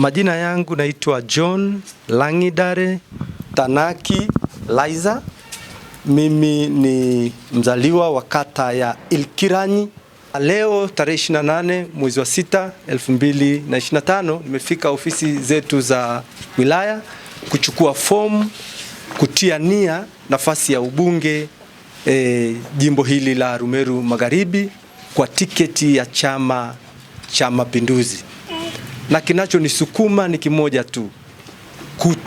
Majina yangu naitwa John Langidare Tanaki Laiza. Mimi ni mzaliwa wa kata ya Ilkiranyi. Leo tarehe 28 mwezi wa 6 2025, nimefika ofisi zetu za wilaya kuchukua fomu kutia nia nafasi ya ubunge e, jimbo hili la Rumeru Magharibi kwa tiketi ya Chama cha Mapinduzi na kinachonisukuma ni kimoja tu,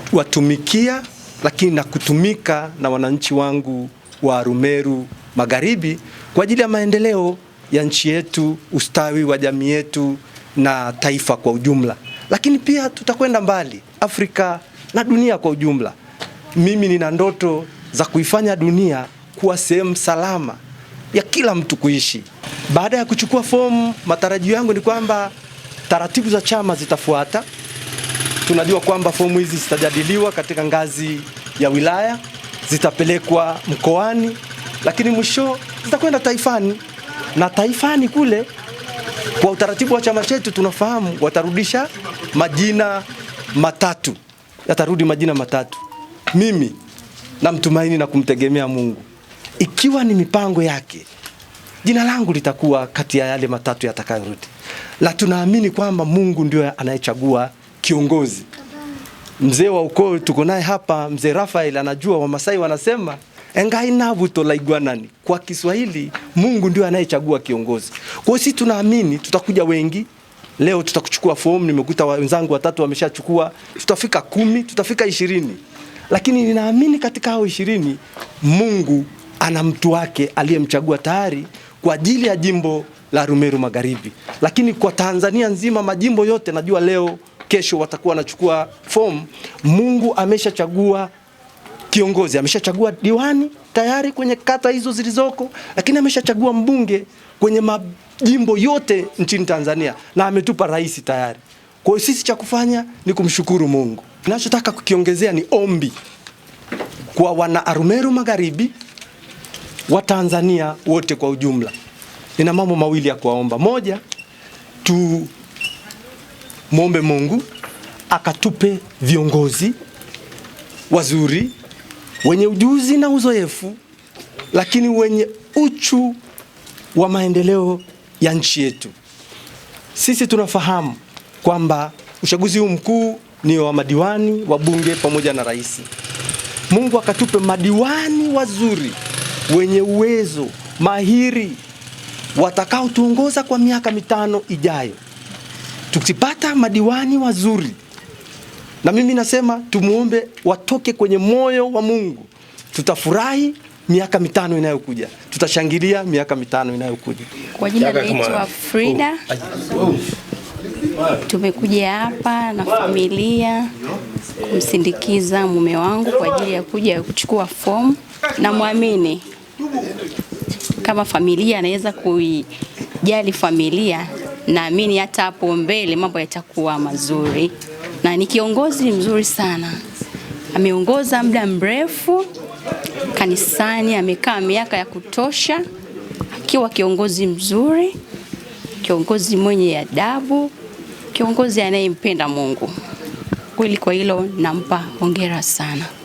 kuwatumikia lakini na kutumika na wananchi wangu wa Arumeru Magharibi kwa ajili ya maendeleo ya nchi yetu, ustawi wa jamii yetu na taifa kwa ujumla. Lakini pia tutakwenda mbali Afrika na dunia kwa ujumla. Mimi nina ndoto za kuifanya dunia kuwa sehemu salama ya kila mtu kuishi. Baada ya kuchukua fomu, matarajio yangu ni kwamba Taratibu za chama zitafuata. Tunajua kwamba fomu hizi zitajadiliwa katika ngazi ya wilaya, zitapelekwa mkoani, lakini mwisho zitakwenda taifani, na taifani kule, kwa utaratibu wa chama chetu tunafahamu, watarudisha majina matatu, yatarudi majina matatu. Mimi namtumaini na kumtegemea Mungu, ikiwa ni mipango yake jina langu litakuwa kati ya yale matatu yatakayorudi. La, tunaamini kwamba Mungu ndio anayechagua kiongozi. Mzee wa ukoo tuko naye hapa, mzee Rafael anajua Wamasai wanasema engai navuto la Kwa Kiswahili, Mungu ndio anayechagua kiongozi. Kwa hiyo sisi tunaamini tutakuja wengi. Leo tutakuchukua fomu, nimekuta wenzangu watatu wameshachukua. Tutafika kumi, tutafika ishirini, lakini ninaamini katika hao ishirini Mungu ana mtu wake aliyemchagua tayari kwa ajili ya jimbo la Rumeru Magharibi, lakini kwa Tanzania nzima, majimbo yote najua leo kesho watakuwa wanachukua fomu. Mungu ameshachagua kiongozi, ameshachagua diwani tayari kwenye kata hizo zilizoko, lakini ameshachagua mbunge kwenye majimbo yote nchini Tanzania na ametupa rais tayari. Kwa hiyo sisi cha kufanya ni kumshukuru Mungu. Ninachotaka kukiongezea ni ombi kwa wana Arumeru Magharibi Watanzania wote kwa ujumla, nina mambo mawili ya kuwaomba. Moja, tu muombe Mungu akatupe viongozi wazuri wenye ujuzi na uzoefu, lakini wenye uchu wa maendeleo ya nchi yetu. Sisi tunafahamu kwamba uchaguzi huu mkuu ni wa madiwani, wabunge pamoja na rais. Mungu akatupe madiwani wazuri wenye uwezo mahiri watakaotuongoza kwa miaka mitano ijayo. Tukipata madiwani wazuri, na mimi nasema tumwombe watoke kwenye moyo wa Mungu, tutafurahi miaka mitano inayokuja, tutashangilia miaka mitano inayokuja. Kwa jina naitwa Frida. Oh, oh. Tumekuja hapa na familia kumsindikiza mume wangu kwa ajili ya kuja kuchukua fomu, na mwamini kama familia anaweza kuijali familia, naamini hata hapo mbele mambo yatakuwa mazuri, na ni kiongozi mzuri sana, ameongoza muda mrefu kanisani, amekaa miaka ya kutosha akiwa kiongozi mzuri, kiongozi mwenye adabu, kiongozi anayempenda Mungu. Kweli kwa hilo nampa hongera sana.